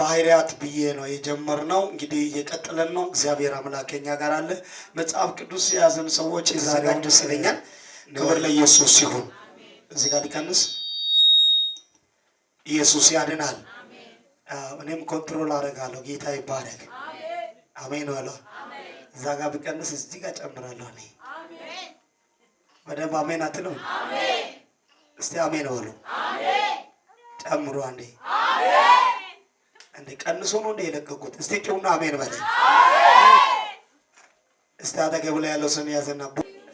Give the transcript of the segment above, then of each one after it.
ባህሪያት ብዬ ነው የጀመርነው። እንግዲህ እየቀጥለን ነው። እግዚአብሔር አምላክ ከኛ ጋር አለ። መጽሐፍ ቅዱስ የያዘን ሰዎች የዛሬውን ደስ ይለኛል። ክብር ለኢየሱስ ይሁን። እዚህ ጋር ሊቀንስ ኢየሱስ ያድናል። እኔም ኮንትሮል አደርጋለሁ። ጌታ ይባረክ። አሜን በለው። እዛ ጋር ብቀንስ እዚህ ጋር ጨምራለሁ። እኔ በደንብ አሜን አትለው። እስቲ አሜን በሉ። ጨምሮ አንዴ እንደ ቀንሶ ነው እንደ የለቀቁት። እስቲ ጭውና አሜን በለ። እስቲ አጠገብ ላይ ያለው ስም ያዘና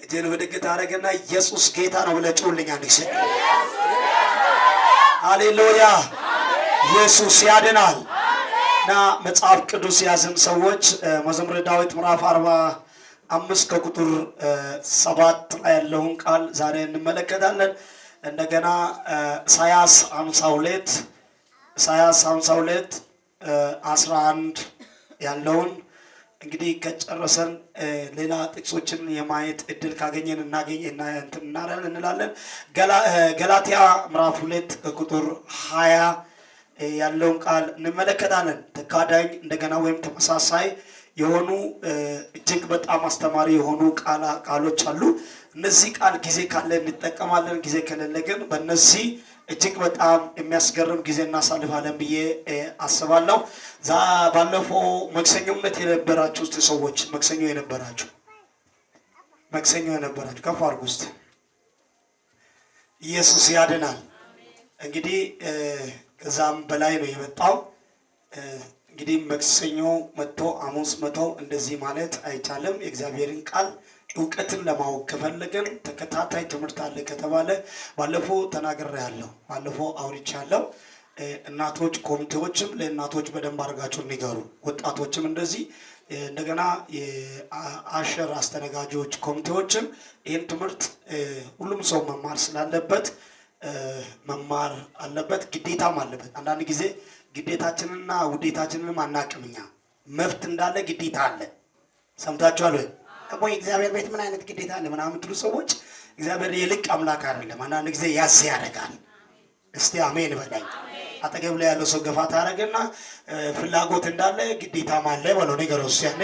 እጅን ብድግት አረገና ኢየሱስ ጌታ ነው ብለህ ጭውልኝ አንድ ጊዜ። ሃሌሉያ ኢየሱስ ያድናል። እና መጽሐፍ ቅዱስ የያዝን ሰዎች መዝሙረ ዳዊት ምዕራፍ አርባ አምስት ከቁጥር ሰባት ያለውን ቃል ዛሬ እንመለከታለን። እንደገና ኢሳያስ ሃምሳ ሁለት ኢሳያስ ሁለት አስራ አንድ ያለውን እንግዲህ ከጨረሰን ሌላ ጥቅሶችን የማየት እድል ካገኘን እናገኝ እናያለን እንላለን። ገላትያ ምዕራፍ ሁለት ቁጥር ሀያ ያለውን ቃል እንመለከታለን። ተካዳኝ እንደገና ወይም ተመሳሳይ የሆኑ እጅግ በጣም አስተማሪ የሆኑ ቃሎች አሉ። እነዚህ ቃል ጊዜ ካለ እንጠቀማለን፣ ጊዜ ከሌለ ግን በእነዚህ እጅግ በጣም የሚያስገርም ጊዜ እናሳልፋለን ብዬ አስባለሁ። ባለፈው መክሰኞነት የነበራችሁ ውስጥ ሰዎች መክሰኞ የነበራችሁ መክሰኞ የነበራችሁ ከፍ አድርጉ ውስጥ ኢየሱስ ያድናል። እንግዲህ ከዛም በላይ ነው የመጣው። እንግዲህ መክሰኞ መቶ ሐሙስ መቶ እንደዚህ ማለት አይቻልም። የእግዚአብሔርን ቃል እውቀትን ለማወቅ ከፈለገን ተከታታይ ትምህርት አለ ከተባለ ባለፈው ተናግሬያለሁ፣ ባለፈው ያለው እናቶች ኮሚቴዎችም ለእናቶች በደንብ አድርጋቸው እንዲገሩ፣ ወጣቶችም እንደዚህ እንደገና የአሸር አስተናጋጆች ኮሚቴዎችም ይህን ትምህርት ሁሉም ሰው መማር ስላለበት መማር አለበት፣ ግዴታም አለበት። አንዳንድ ጊዜ ግዴታችንንና ውዴታችንንም አናቅምኛ መብት እንዳለ ግዴታ አለ። ሰምታችኋል ወይ? ቆይ እግዚአብሔር ቤት ምን አይነት ግዴታ አለ ምናምን ትሉ ሰዎች፣ እግዚአብሔር የልቅ አምላክ አይደለም። አንዳንድ ጊዜ ያዝ ያደርጋል። እስቲ አሜን በላይ አጠገብ ላይ ያለው ሰው ገፋ ታደርግና ፍላጎት እንዳለ ግዴታም አለ በለው ነገር ውስ ያለ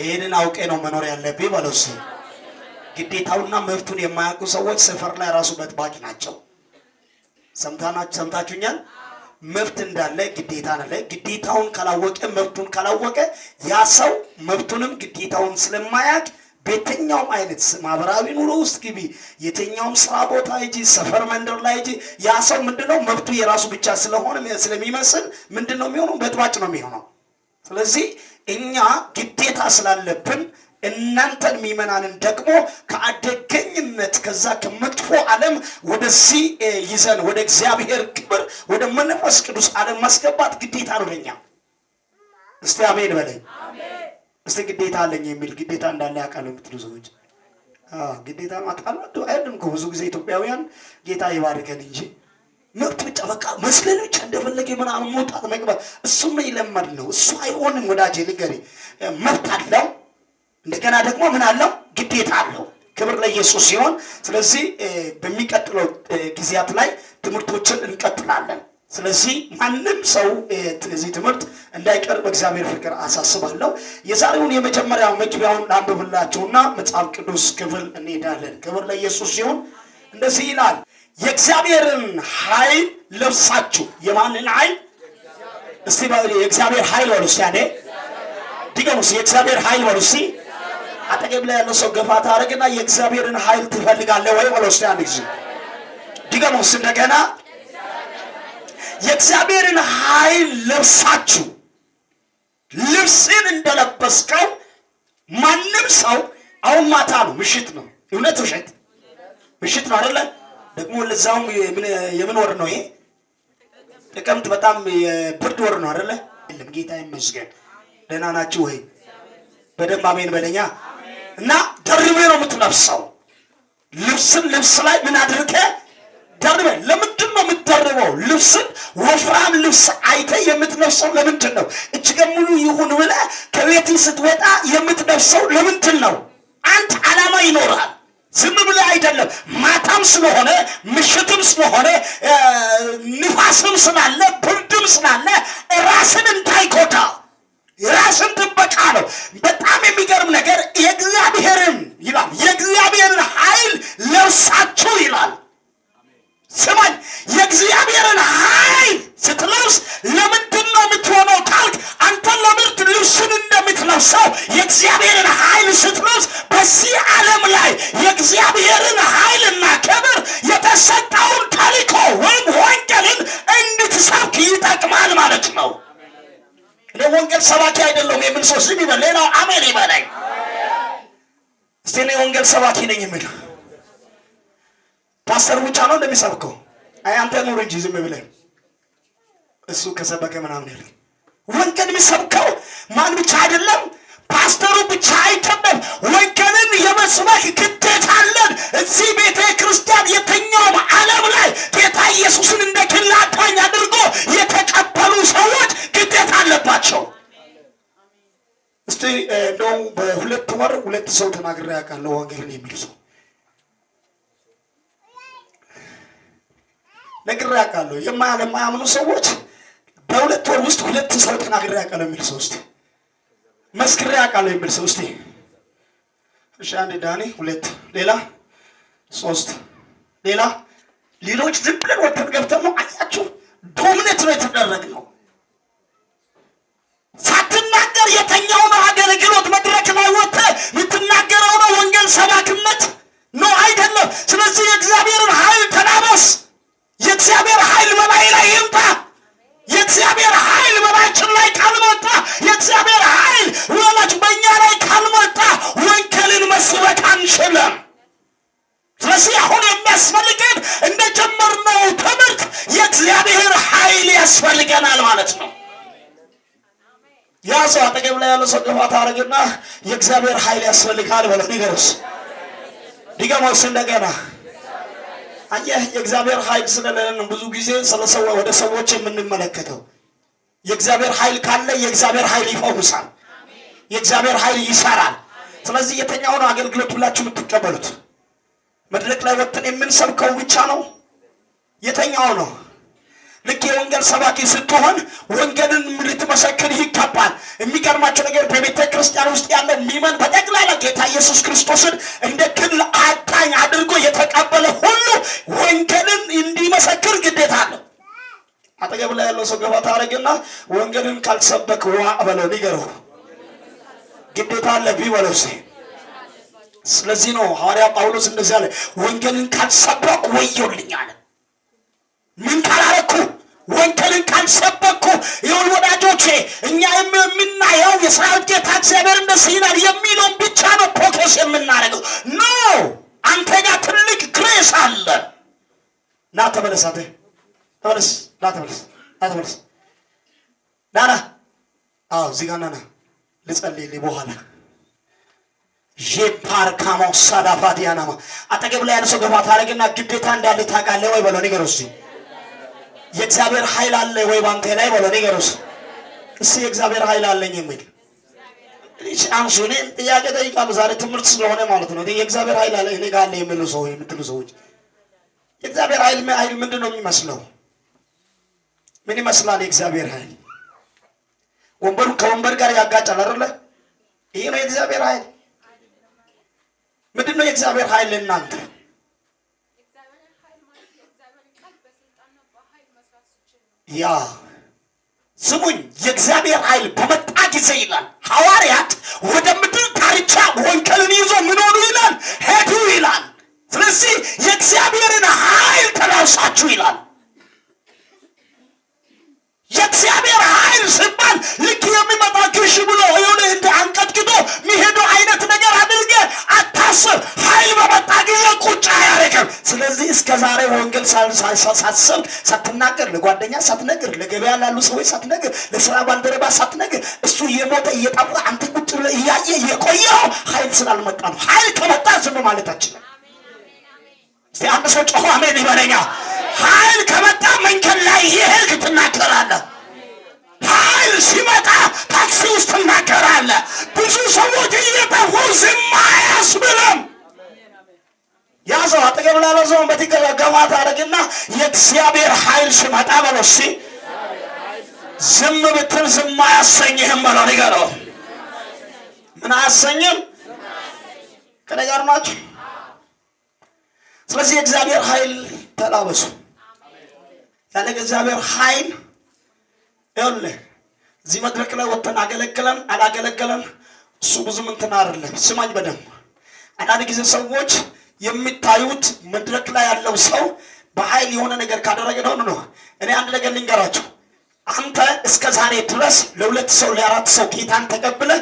ይህንን አውቄ ነው መኖር ያለብኝ በለው። እሱ ግዴታውና መብቱን የማያውቁ ሰዎች ሰፈር ላይ ራሱ በጥባቂ ናቸው። ሰምታችሁኛል? መብት እንዳለ ግዴታ አለ። ግዴታውን ካላወቀ መብቱን ካላወቀ ያ ሰው መብቱንም ግዴታውን ስለማያውቅ በየትኛውም አይነት ማህበራዊ ኑሮ ውስጥ ግቢ፣ የትኛውም ስራ ቦታ ሂጂ፣ ሰፈር መንደር ላይ ሂጂ፣ ያ ሰው ምንድነው መብቱ የራሱ ብቻ ስለሆነ ስለሚመስል ምንድነው የሚሆነው? በጥባጭ ነው የሚሆነው። ስለዚህ እኛ ግዴታ ስላለብን እናንተን ሚመናንን ደግሞ ከአደገኝነት ከዛ ከመጥፎ ዓለም ወደዚህ ይዘን ወደ እግዚአብሔር ክብር ወደ መንፈስ ቅዱስ ዓለም ማስገባት ግዴታ ነው ለኛ። እስቲ አሜን በለኝ። እስቲ ግዴታ አለኝ የሚል ግዴታ እንዳለ ያውቃሉ የምትሉ ሰዎች ግዴታ ማጣሉ አይደለም። ብዙ ጊዜ ኢትዮጵያውያን ጌታ ይባርከን እንጂ መብት ብቻ በቃ መስለን ብቻ እንደፈለገ ምናምን መውጣት መግባት፣ እሱም ይለመድ ነው። እሱ አይሆንም ወዳጄ፣ ንገሬ መብት አለው እንደገና ደግሞ ምን አለው? ግዴታ አለው። ክብር ለኢየሱስ ሲሆን፣ ስለዚህ በሚቀጥለው ጊዜያት ላይ ትምህርቶችን እንቀጥላለን። ስለዚህ ማንም ሰው እዚህ ትምህርት እንዳይቀር በእግዚአብሔር ፍቅር አሳስባለሁ። የዛሬውን የመጀመሪያው መግቢያውን ላንብብላችሁና መጽሐፍ ቅዱስ ክፍል እንሄዳለን። ክብር ለኢየሱስ ሲሆን እንደዚህ ይላል፣ የእግዚአብሔርን ኃይል ለብሳችሁ። የማንን ኃይል? እስቲ የእግዚአብሔር ኃይል በሉ ያኔ ድገሙስ፣ የእግዚአብሔር ኃይል በሉ እስቲ አጠገብ ላይ ያለው ሰው ገፋ ታደርግና የእግዚአብሔርን ኃይል ትፈልጋለህ ወይ ብሎ እስኪ አንድ ጊዜ ድገመው እንደገና። የእግዚአብሔርን ኃይል ለብሳችሁ ልብስን እንደለበስከው ማንም ሰው አሁን ማታ ነው፣ ምሽት ነው። እውነት ውሸት ምሽት ነው አይደለ? ደግሞ ለዛውም የምን ወር ነው ይሄ? ጥቅምት በጣም የብርድ ወር ነው አይደለ? የለም ጌታ ይመስገን። ደህና ናችሁ ወይ? በደንብ አሜን በለኛ። እና ደርቤ ነው የምትለብሰው። ልብስን ልብስ ላይ ምን አድርገ ደርቤ። ለምንድን ነው የምትደርበው ልብስን? ወፍራም ልብስ አይተ የምትለብሰው ለምንድን ነው? እጅገ ሙሉ ይሁን ብለ ከቤት ስትወጣ የምትለብሰው ለምንድን ነው? አንድ ዓላማ ይኖራል። ዝም ብለ አይደለም። ማታም ስለሆነ ምሽትም ስለሆነ ንፋስም ስላለ ብርድም ስላለ ራስን እንዳይጎዳ ራስን ጥበቃ ተናግሬ ያውቃለሁ። ወንጌልን የሚል ሰው ነግሬ ያውቃለሁ። የማያምኑ ሰዎች በሁለት ወር ውስጥ ሁለት ሰው ተናግሬ ያውቃለሁ የሚል ሰው መስክሬ ያውቃለሁ የሚል ሰው እሺ፣ አንድ ዳኒ፣ ሁለት ሌላ፣ ሶስት ሌላ ሌሎች ዝም ብለን ገብተን ነው። አያችሁ ዶሚኔት ነው ስለዚህ የእግዚአብሔርን ኃይል ተላበስ። የእግዚአብሔር ኃይል በላይ ላይ ይምጣ። የእግዚአብሔር ኃይል በላያችን ላይ ካልመጣ፣ የእግዚአብሔር ኃይል ወላች በእኛ ላይ ካልመጣ ወንጌልን መስበክ አንችልም። ስለዚህ አሁን የሚያስፈልገን እንደ ጀመርነው ትምህርት የእግዚአብሔር ኃይል ያስፈልገናል ማለት ነው። ያ ሰው አጠገብ ላይ ያለ ሰው ገፋ ታደርግና የእግዚአብሔር ኃይል ያስፈልጋል ብለህ ንገረው። ድገመው እንደገና አየህ የእግዚአብሔር ኃይል ስለሌለን ብዙ ጊዜ ወደ ሰዎች የምንመለከተው። የእግዚአብሔር ኃይል ካለ የእግዚአብሔር ኃይል ይፈውሳል፣ የእግዚአብሔር ኃይል ይሰራል። ስለዚህ ነው አገልግሎት ላችሁ የምትቀበሉት መድረክ ላይ ወጥን የምንሰብከው ብቻ ነው። የተኛው ነው ልክ የወንጌል ሰባኪ ስትሆን ወንጌልን ልትመሰክር ይገባል። የሚገርማቸው ነገር በቤተ ክርስቲያን ውስጥ ያለ ሚመን በጠቅላላ ጌታ ኢየሱስ ክርስቶስን እንደ ክል አዳኝ አድርጎ የተቀበለ ሁሉ ወንጌልን እንዲመሰክር ግዴታ አለው። አጠገብ ላይ ያለው ሰው ገባ ታደረግና ወንጌልን ካልሰበክ ዋ በለው ንገረው፣ ግዴታ አለ በለው ሲ ስለዚህ ነው ሐዋርያ ጳውሎስ እንደዚህ አለ፣ ወንጌልን ካልሰበኩ ወዮልኝ አለ። ምን ካላረኩ ወንጌልን ካልሰበኩ ይሁን ወዳጆቼ፣ እኛ የምናየው የሰራዊት ጌታ እግዚአብሔር እንደዚህ ይላል የሚለውን ብቻ ነው ፖኬስ የምናደርገው። ኖ አንተ ጋር ትልቅ ግሬስ አለ። ና ተመለስ፣ አንተ ተመለስ፣ ና ተመለስ፣ ና ተመለስ፣ ና ና። አዎ እዚህ ጋር ና ና፣ ልጸልይልህ በኋላ ፓርካሞ ሳዳፋዲያናማ አጠገብ ላይ ያለ ሰው ገባ ታደርግና ግዴታ እንዳለ ታውቃለህ ወይ በለው ንገረው እስኪ የእግዚአብሔር ኃይል አለ ወይ ባንተ ላይ በለው ንገሩስ። እስኪ የእግዚአብሔር ኃይል አለኝ የሚል አንሱ። እኔ ጥያቄ ጠይቃለሁ ዛሬ ትምህርት ስለሆነ ማለት ነው። የእግዚአብሔር ኃይል አለ እኔ ጋር አለ የሚሉ ሰው የምትሉ ሰዎች የእግዚአብሔር ኃይል ኃይል ምንድን ነው የሚመስለው? ምን ይመስላል የእግዚአብሔር ኃይል? ወንበሩ ከወንበር ጋር ያጋጫል አይደለ? ይሄ ነው የእግዚአብሔር ኃይል። ምንድን ነው የእግዚአብሔር ኃይል ለእናንተ? ያ ስሙኝ የእግዚአብሔር ኃይል በመጣ ጊዜ ይላል ሐዋርያት ወደ ምድር ዳርቻ ወንጌልን ይዞ ምን ይላል ሄዱ ይላል። ስለዚህ የእግዚአብሔርን ኃይል ተላውሳችሁ ይላል የእግዚአብሔር ኃይል ሲባል ልክ የሚመጣ ኪሽ ብሎ የሆነ እንደ አንቀጥቅጦ የሚሄዱ አይነት ነገር አድርገ አታስብ። ኃይል በመጣ ጊዜ ቁጭ አያደርግም። ስለዚህ እስከ ዛሬ ወንጌል ሳስብ ሳትናገር፣ ለጓደኛ ሳትነግር፣ ለገበያ ላሉ ሰዎች ሳትነግር፣ ለስራ ባልደረባ ሳትነግር፣ እሱ እየሞተ እየጠፋ አንተ ቁጭ ብለ እያየ የቆየው ኃይል ስላልመጣ ነው። ኃይል ከመጣ ዝም ማለት አችልም። አንድ ሰው ጮሆ አሜን ይበለኛ። ኃይል ከመጣ መንገድ ላይ ይሄድ ትናገራለህ። ኃይል ሲመጣ ታክሲ ውስጥ ትናገራለህ። ብዙ ሰዎች እየጠፉ ዝም አያስብልም። ያ ሰው አጠገብ ላለ ሰውን በትገባ ታደርግና የእግዚአብሔር ኃይል ሲመጣ በለው እስኪ ዝም ብትል ዝም አያሰኝህም በለው ንገረው። ምን አያሰኝም? ከነገር ናቸው። ስለዚህ የእግዚአብሔር ኃይል ተላበሱ። ያለ እግዚአብሔር ኃይል ይሁን እዚህ መድረክ ላይ ወጥተን አገለገለን አላገለገለን እሱ ብዙም እንትን አይደለም። ስማኝ በደንብ አንዳንድ ጊዜ ሰዎች የሚታዩት መድረክ ላይ ያለው ሰው በኃይል የሆነ ነገር ካደረገ ደሆኑ ነው። እኔ አንድ ነገር ልንገራቸው። አንተ እስከ ዛሬ ድረስ ለሁለት ሰው ለአራት ሰው ጌታን ተቀብለ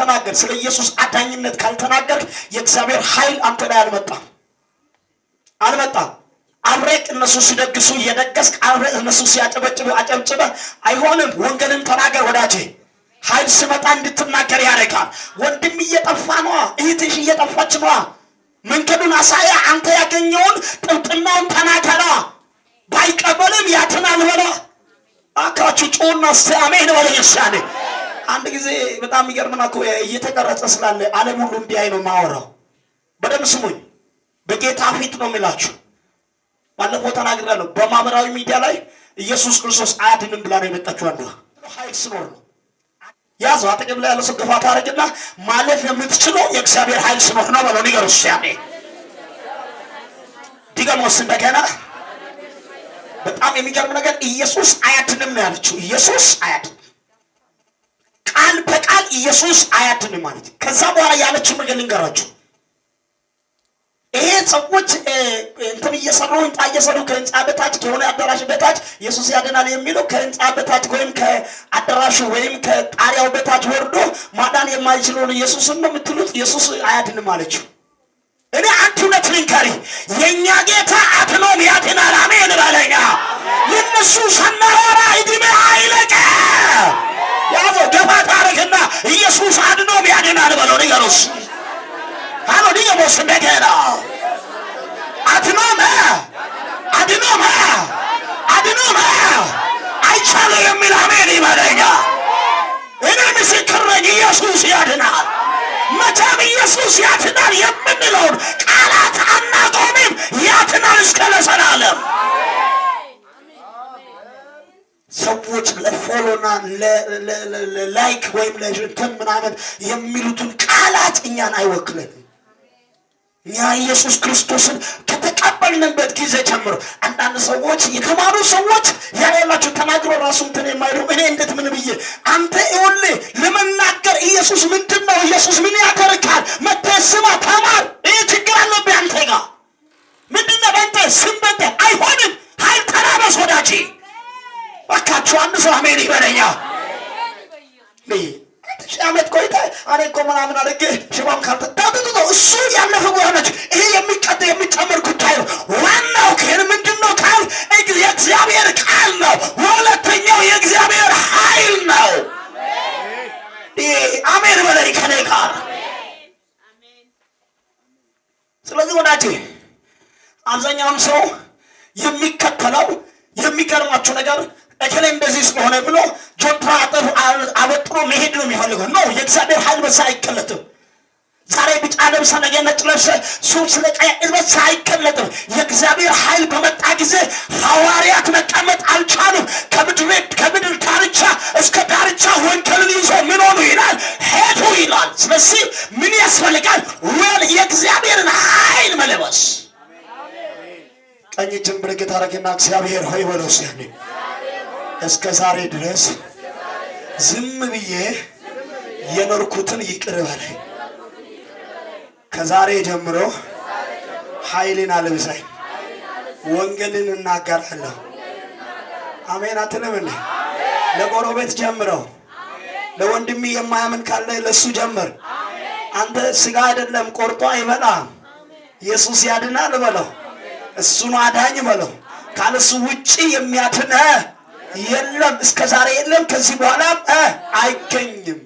ተናገር ስለ ኢየሱስ አዳኝነት ካልተናገር የእግዚአብሔር ኃይል አንተ ላይ አልመጣም አልመጣም። አብረቅ እነሱ ሲደግሱ እየደገስክ አብረ እነሱ ሲያጨበጭበ አጨብጭበ አይሆንም። ወንጌልን ተናገር ወዳጄ። ኃይል ስመጣ እንድትናገር ያደርጋል። ወንድም እየጠፋ ነዋ፣ እህትሽ እየጠፋች ነዋ። መንገዱን አሳያ። አንተ ያገኘውን ጥብጥናውን ተናገራ። ባይቀበልም ያትናል በለ አካቹ ጮና እስቲ አሜን በለ ይሻለ። አንድ ጊዜ በጣም ይገርምና እኮ እየተቀረጸ ስላለ ዓለም ሁሉ እንዲያይ ነው ማወራው። በደምብ ስሙኝ። በጌታ ፊት ነው የሚላችሁ ባለፈው ተናግሬያለሁ። በማህበራዊ ሚዲያ ላይ ኢየሱስ ክርስቶስ አያድንም ብላ ነው የመጣችው። አንዱ ኃይል ስኖር ነው ያዘው። አጠገብ ላይ ያለው ሰው ገፋ ታደርግና ማለፍ የምትችለው የእግዚአብሔር ኃይል ስኖር ነው በለው። ንገሩ ስ ያ ዲገሞስ እንደገና በጣም የሚገርም ነገር ኢየሱስ አያድንም ነው ያለችው። ኢየሱስ አያድንም ቃል በቃል ኢየሱስ አያድንም ማለት ከዛ በኋላ ያለችው ነገር ልንገራችሁ ይሄ ሰዎች እንትን እየሰሩ ህንፃ እየሰሩ ከህንፃ በታች ከሆነ አዳራሽ በታች ኢየሱስ ያድናል የሚለው ከህንፃ በታች ወይም ከአዳራሹ ወይም ከጣሪያው በታች ወርዶ ማዳን የማይችለውን ኢየሱስን ነው የምትሉት? ኢየሱስ አያድንም አለችው። እኔ አንድ እውነት ልንከሪ የእኛ ጌታ አድኖም ያድናል። አሜን በለኛ። የእነሱ ሰናወራ እድሜ አይለቀ ያዞ ገባ ታሪክና ኢየሱስ አድኖም ያድናል በለው ንገሩስ Arudia bosundegera. የሚል አሜን ይበለኛ። እኔ ምስክር ነኝ። ኢየሱስ ያድናል። መቼም ኢየሱስ ያድናል የምንለውን ቃላት አናቆምም። ያድናል እስከ ለዘላለም። ሰዎች ለፎሎና ወይም ለእንትን ምናምን የሚሉትን ቃላት እኛን አይወክለንም። ያ ኢየሱስ ክርስቶስን ከተቀበልንበት ጊዜ ጀምሮ አንዳንድ ሰዎች የተማሩ ሰዎች ያ ያላቸው ተናግሮ ራሱ እንትን የማይሉ እኔ እንዴት ምን ብዬ አንተ ይውል ለመናገር ኢየሱስ ምንድን ነው? ኢየሱስ ምን ያደርጋል? መተህ ስማ፣ ተማር። ይህ ችግር አለብህ አንተ ጋ ምንድን ነው? በንተ ስም በንተ አይሆንም። ሀይል ተራበስ ወዳጅ ባካችሁ፣ አንድ ሰው አሜን ይበለኛ። አንድ ሺህ ዓመት ቆይታ እኔ እኮ ምናምን አድርጌ ሽባም ካልተጣጥጡ ነው። እሱ ያለፈ ሙያ ነች። ይሄ የሚቀጥ የሚጨምር ጉዳይ ነው። ዋናው ግን ምንድን ነው ካል የእግዚአብሔር ቃል ነው። ሁለተኛው የእግዚአብሔር ኃይል ነው። አሜን በላይ ከኔ ጋር ስለዚህ ወዳጅ አብዛኛውን ሰው የሚከተለው የሚገርማችሁ ነገር እከሌ እንደዚህ ስለሆነ ብሎ ጆንትሮ አበጥሮ መሄድ ነው የሚፈልገው። ኖ የእግዚአብሔር ኃይል በዛ አይቀለጥም። ዛሬ ቢጫ ለብሰ ነገ ነጭ ለብሰ ሱፍ ስለቀያ በዛ አይቀለጥም። የእግዚአብሔር ኃይል በመጣ ጊዜ ሐዋርያት መቀመጥ አልቻሉም። ከምድር ከምድር ዳርቻ እስከ ዳርቻ ወንጌልን ይዞ ምን ሆኑ ይላል ሄዱ ይላል። ስለዚህ ምን ያስፈልጋል? ወል የእግዚአብሔርን ኃይል መለበስ ቀኝ እጅን ብርግት አረግና እግዚአብሔር ሆይ በለው ሲያኔ እስከ ዛሬ ድረስ ዝም ብዬ የኖርኩትን ይቅር በለኝ። ከዛሬ ጀምሮ ኃይልን አልብሳይ ወንጌልን እናገራለሁ። አሜን አትልም ለጎረቤት ጀምረው፣ ለወንድሜ የማያምን ካለ ለሱ ጀምር። አንተ ስጋ አይደለም ቆርጦ አይበላም። ኢየሱስ ያድናል በለው፣ እሱን አዳኝ በለው። ካለሱ ውጪ የሚያድነ የለም፣ እስከ ዛሬ የለም፣ ከዚህ በኋላ አይገኝም።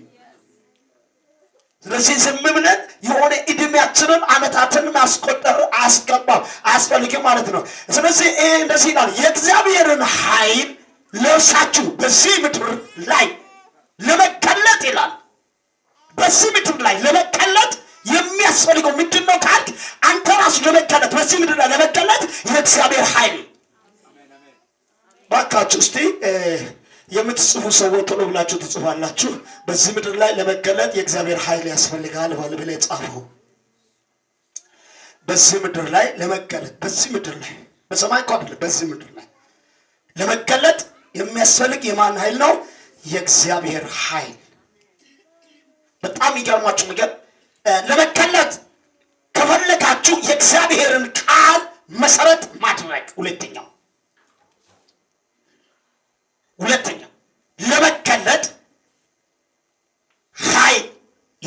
ስለዚህ ዝም ብለን የሆነ እድሜያችንን አመታትን ማስቆጠር አስገባም አያስፈልግም ማለት ነው። ስለዚህ ይህ እንደዚህ ይላል የእግዚአብሔርን ኃይል ለብሳችሁ በዚህ ምድር ላይ ለመቀለጥ ይላል። በዚህ ምድር ላይ ለመቀለጥ የሚያስፈልገው ምንድን ነው ካልክ አንተ ራሱ ለመቀለጥ በዚህ ምድር ላይ ለመቀለጥ የእግዚአብሔር ኃይል ባካችሁ እስቲ የምትጽፉ ሰዎች ቶሎ ብላችሁ ትጽፋላችሁ። በዚህ ምድር ላይ ለመገለጥ የእግዚአብሔር ኃይል ያስፈልጋል ባል ብለ የጻፈው በዚህ ምድር ላይ ለመገለጥ በዚህ ምድር ላይ በሰማይ አይደለም፣ በዚህ ምድር ላይ ለመገለጥ የሚያስፈልግ የማን ኃይል ነው? የእግዚአብሔር ኃይል። በጣም ይገርማችሁ ነገር ለመገለጥ ከፈለጋችሁ የእግዚአብሔርን ቃል መሰረት ማድረግ ሁለተኛው ሁለተኛ ለመገለጥ ኃይል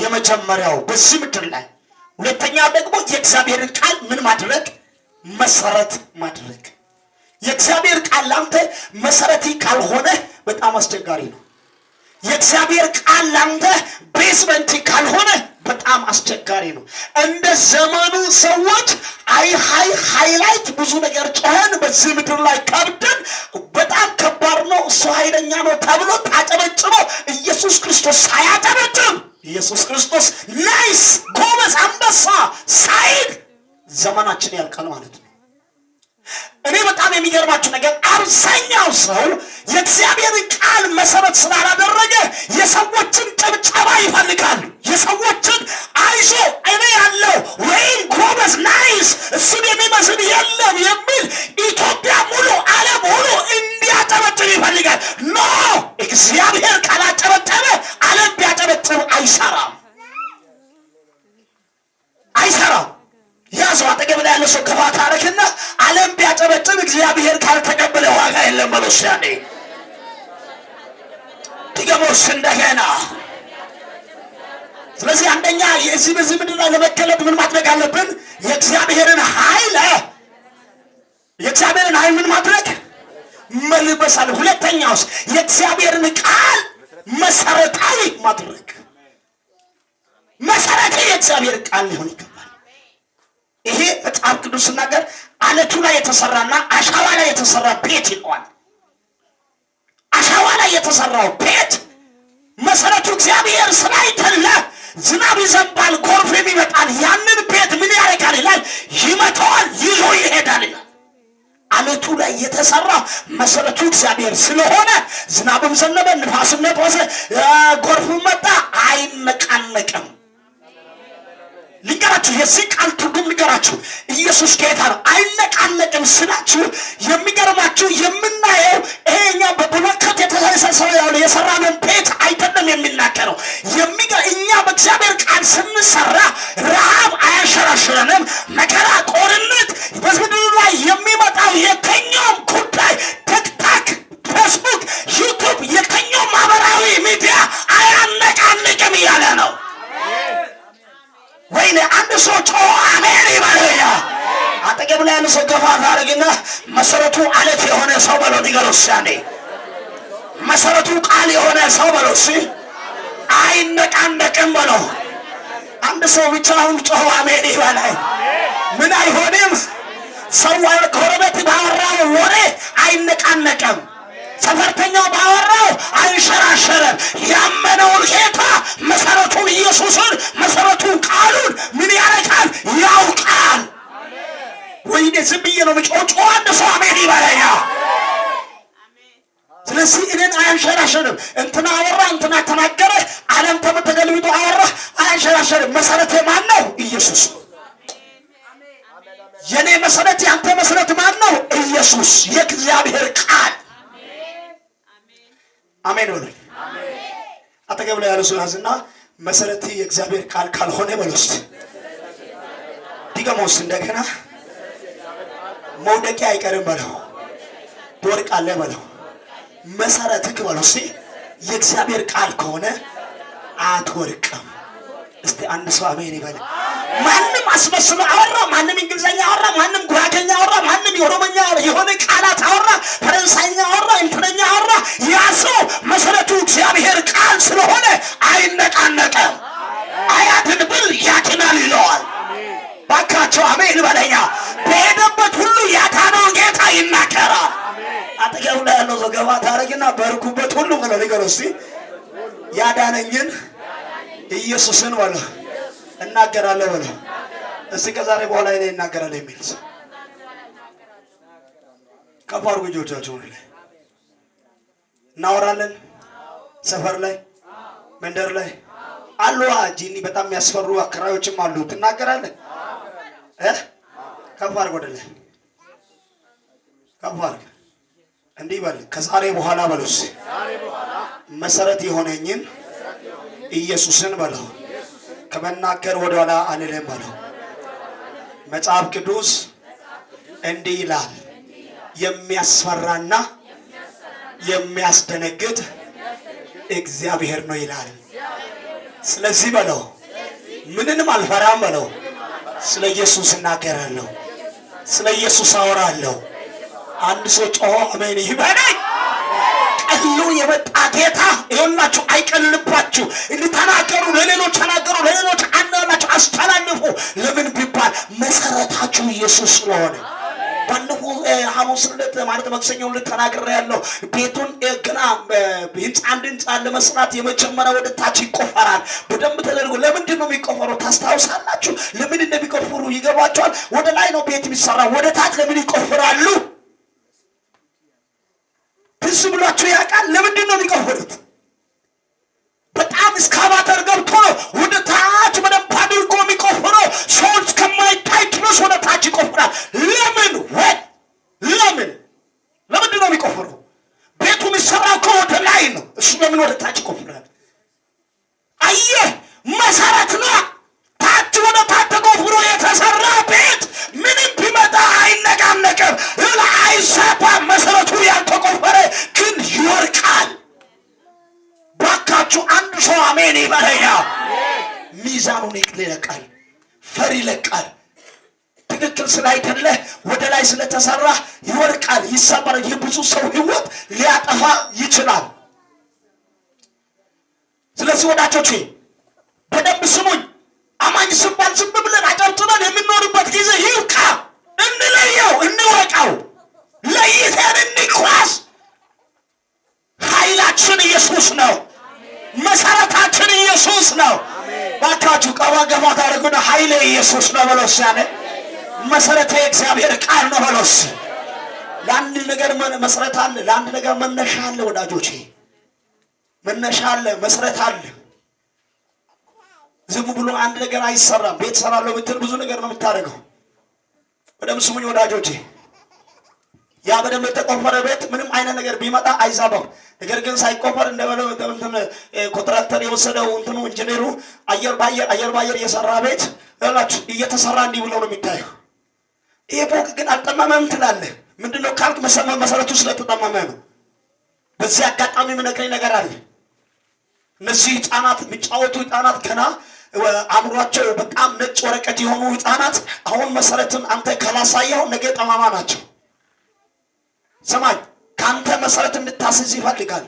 የመጀመሪያው በዚህ ምድር ላይ፣ ሁለተኛ ደግሞ የእግዚአብሔርን ቃል ምን ማድረግ መሰረት ማድረግ። የእግዚአብሔር ቃል ለአንተ መሰረቲ ካልሆነ በጣም አስቸጋሪ ነው። የእግዚአብሔር ቃል ለአንተ ቤዝመንቲ ካልሆነ በጣም አስቸጋሪ ነው። እንደ ዘመኑ ሰዎች አይ ሀይ ሀይላይት ብዙ ነገር ጭሆን በዚህ ምድር ላይ ከብደን በጣም ሰው ኃይለኛ ነው ተብሎ ታጨበጭቦ ኢየሱስ ክርስቶስ ሳያጨበጭብ ኢየሱስ ክርስቶስ ናይስ ጎበዝ አንበሳ ሳይል ዘመናችን ያልቃል ማለት ነው። እኔ በጣም የሚገርማችሁ ነገር አብዛኛው ሰው የእግዚአብሔር ቃል መሰረት ስላላደረገ የሰዎችን ጭብጨባ ይፈልጋል የሰዎችን አይዞ እኔ ያለው ወይም ጎበዝ ናይስ፣ እሱን የሚመስል የለም የሚል ኢትዮጵያ ሙሉ ዓለም ሁሉ እንዲያጨበጭብ ይፈልጋል። ኖ እግዚአብሔር ካላጨበጨበ ዓለም ቢያጨበጭብ አይሰራም አይሰራም። ያ ሰው አጠገብ ላይ ያለ ሰው ክፋት አረክና ዓለም ቢያጨበጭብ እግዚአብሔር ካልተቀበለ ዋጋ የለም። መለስ ያኔ ድገሞስ እንደገና። ስለዚህ አንደኛ የዚህ በዚህ ምድር ለመገለጥ ምን ማድረግ አለብን? የእግዚአብሔርን ኃይል የእግዚአብሔርን ኃይል ምን ማድረግ መልበስ አለ። ሁለተኛውስ የእግዚአብሔርን ቃል መሰረታዊ ማድረግ መሰረታዊ የእግዚአብሔር ቃል ሊሆን ይገባል። ይሄ መጽሐፍ ቅዱስ ሲናገር አለቱ ላይ የተሰራና አሸዋ ላይ የተሰራ ቤት ይለዋል። አሸዋ ላይ የተሰራው ቤት መሰረቱ እግዚአብሔር ስላይደለ ዝናብ ይዘንባል፣ ጎርፍ ይመጣል። ያንን ቤት ምን ያደርጋል ይላል? ይመታዋል፣ ይዞ ይሄዳል ይላል። አለቱ ላይ የተሰራ መሰረቱ እግዚአብሔር ስለሆነ ዝናብም ዘነበ፣ ንፋስም ነፈሰ፣ ጎርፍም መጣ፣ አይመቃነቅም። ልንገራችሁ፣ የዚህ ቃል ትርጉም ልንገራችሁ። ኢየሱስ ጌታ ነው፣ አይነቃነቅም ስላችሁ የሚገርማችሁ የምናየው ይሄኛ በብሎከት የተሰሰሰ ያሉ የሰራነውን ቤት አይደለም የሚናገረው። እኛ በእግዚአብሔር ቃል ስንሰራ ረሃብ አያሸራሽረንም። መከራ፣ ጦርነት በምድር ላይ የሚመጣው የተኛውም ጉዳይ ቲክታክ፣ ፌስቡክ፣ ዩቱብ፣ የተኛው ማህበራዊ ሚዲያ አያነቃንቅም እያለ ነው። ወይኔ አንድ ሰው ጮ አሜን ይበለኛ። አጠገብ ላይ አንድ ሰው ገፋ ታደርግና መሰረቱ አለት የሆነ ሰው በለው ንገረው። ያኔ መሰረቱ ቃል የሆነ ሰው በለው። እሺ አይነቃነቅም በለው። አንድ ሰው ብቻውን ጮ አሜን ይበላይ። ምን አይሆንም። ሰው ጎረቤት ባወራው ወሬ አይነቃነቅም። ሰፈርተኛው ባወራው አንሸራሸረም። ያመነውን ጌታ መሰረቱ ኢየሱስን መሰረቱ ቃሉን ምን ያረካል? ያውቃል። ወይኔ ዝም ብዬ ነው ምጮ አንድ ሰው አሜን ይበለኛ። ስለዚህ እኔን አያንሸራሸርም። እንትና አወራ፣ እንትና ተናገረ፣ ዓለም ተገልብጦ አወራ፣ አያንሸራሸርም። መሰረቴ ማን ነው? ኢየሱስ የእኔ መሰረት፣ የአንተ መሰረት ማን ነው? ኢየሱስ፣ የእግዚአብሔር ቃል አሜን በሉኝ። አጠገብ ላይ ያለ ሰው መሰረት የእግዚአብሔር ቃል ካልሆነ በሎስ ዲገሞስ እንደገና መውደቂያ አይቀርም በለው፣ ትወድቃለህ በለው። መሰረትህ በሎስ የእግዚአብሔር ቃል ከሆነ አትወድቅም። እስቲ አንድ ሰው አሜን ይበል። ማንም አስመስሎ አወራ፣ ማንም እንግሊዘኛ አወራ፣ ማንም ጉራገኛ አወራ፣ ማንም የኦሮሞኛ የሆነ ቃላት አወራ፣ ፈረንሳይኛ አወራ፣ እንትነኛ አወራ። ያ ሰው መሰረቱ እግዚአብሔር ቃል ስለሆነ አይነቃነቅም። አያድን ብል ያድናል ይለዋል። ባካቸው አሜን በለኛ። በሄደበት ሁሉ ያዳነው ጌታ ይናገራል። አጠገብ ላይ ያለው ሰው ገባ ታረግና በርኩበት ሁሉ ብለው ንገር እስቲ ያዳነኝን ኢየሱስን በለው እናገራለሁ በለ። እስቲ ከዛሬ በኋላ እኔ እናገራለሁ የሚል ሰው ከፍ አድርጉ እጆቻችሁን ላይ እናወራለን። ሰፈር ላይ መንደር ላይ አሉ ጂኒ በጣም የሚያስፈሩ አከራዮችም አሉ። ትናገራለህ እ ከፍ አድርግ ወደ ላይ ከፍ አድርግ እንዲህ በል። ከዛሬ በኋላ በሉስ መሰረት የሆነኝን ኢየሱስን በለው ከመናገር ወደኋላ አልልም አለው። መጽሐፍ ቅዱስ እንዲህ ይላል፣ የሚያስፈራና የሚያስደነግጥ እግዚአብሔር ነው ይላል። ስለዚህ በለው ምንንም አልፈራም በለው። ስለ ኢየሱስ እናገራለሁ፣ ስለ ኢየሱስ አወራለሁ። አንድ ሰው ጮሆ አሜን ይበለኝ። አሉ የመጣ ጌታ ይሆናችሁ። አይቀልባችሁ። እንድተናገሩ ለሌሎች ተናገሩ፣ ለሌሎች አናላችሁ፣ አስተላልፉ። ለምን ቢባል መሰረታችሁ ኢየሱስ ስለሆነ ባለፉ ሐሙስ ዕለት ማለት መክሰኞ ዕለት ተናግሬ ያለው ቤቱን ገና ህንፃ አንድ ህንፃ ለመስራት የመጀመሪያ ወደ ታች ይቆፈራል በደንብ ተደርጎ። ለምንድን ነው የሚቆፈረው? ታስታውሳላችሁ? ለምን እንደሚቆፍሩ ይገባቸዋል። ወደ ላይ ነው ቤት የሚሰራ፣ ወደ ታች ለምን ይቆፍራሉ? ትዝ ብሏችሁ ያውቃል? ለምንድን ነው የሚቀወጡት? በጣም እስካባተር ገብቶ ነው ወደ ታች በደንብ አድርጎ የሚቆፍረው። ሰው እስከማይታይ ድረስ ወደ ታች ይቆፍራል። ለምን ወይ ለምን ለምንድን ነው የሚቆፍረው? ቤቱ የሚሰራ እኮ ወደ ላይ ነው። እሱ ለምን ወደ ታች ይቆፍራል? አየህ መሰረት ነው ታች ወደ ታች ተቆፍሮ የተሰራ ቤት ምንም ቢመጣ አይነቃነቅም፣ እህል አይዛባም። መሰረቱ ያልተቆፈረ ግን ይወርቃል። ባካችሁ አንድ ሰው አሜን ይበለኛ። ሚዛኑን ይለቃል፣ ፈር ይለቃል። ትክክል ስላይደለ ወደ ላይ ስለተሰራ ይወርቃል፣ ይሰበራል። የብዙ ሰው ህይወት ሊያጠፋ ይችላል። ስለዚህ ወዳጆቼ በደንብ ስሙኝ። አማኝ ስባል ዝም ብለን አጨብጭበን የምንኖርበት ጊዜ ይብቃ። እንለየው፣ እንወቀው፣ ለይተን እንኳስ ኃይላችን ኢየሱስ ነው። መሰረታችን ኢየሱስ ነው። ባካችሁ ቀባ ገባ ታደርጉና ኃይሌ ኢየሱስ ነው በሎስ። ያኔ መሰረተ የእግዚአብሔር ቃል ነው በሎስ። ለአንድ ነገር መሰረት አለ፣ ለአንድ ነገር መነሻ አለ። ወዳጆቼ መነሻ አለ፣ መሰረት አለ። ዝም ብሎ አንድ ነገር አይሰራም። ቤት ሰራለሁ ብትል ብዙ ነገር ነው የምታደርገው። በደም ስሙኝ ወዳጆቼ፣ ያ በደንብ የተቆፈረ ቤት ምንም አይነት ነገር ቢመጣ አይዛባው። ነገር ግን ሳይቆፈር እንደ ኮንትራክተር የወሰደው እንትኑ ኢንጂነሩ አየር ባየር አየር ባየር የሰራ ቤት ላችሁ እየተሰራ እንዲህ ብለው ነው የሚታየው። ይሄ ፎቅ ግን አልጠመመም ትላለህ። ምንድነው ካልክ መሰረቱ ስለተጠመመ ነው። በዚህ አጋጣሚ የምነግረኝ ነገር አለ። እነዚህ ህጻናት የሚጫወቱ ህጻናት ገና አእምሯቸው በጣም ነጭ ወረቀት የሆኑ ህፃናት አሁን መሰረትን አንተ ካላሳየው ነገ ጠማማ ናቸው። ሰማኝ፣ ከአንተ መሰረት እንድታስዝ ይፈልጋል።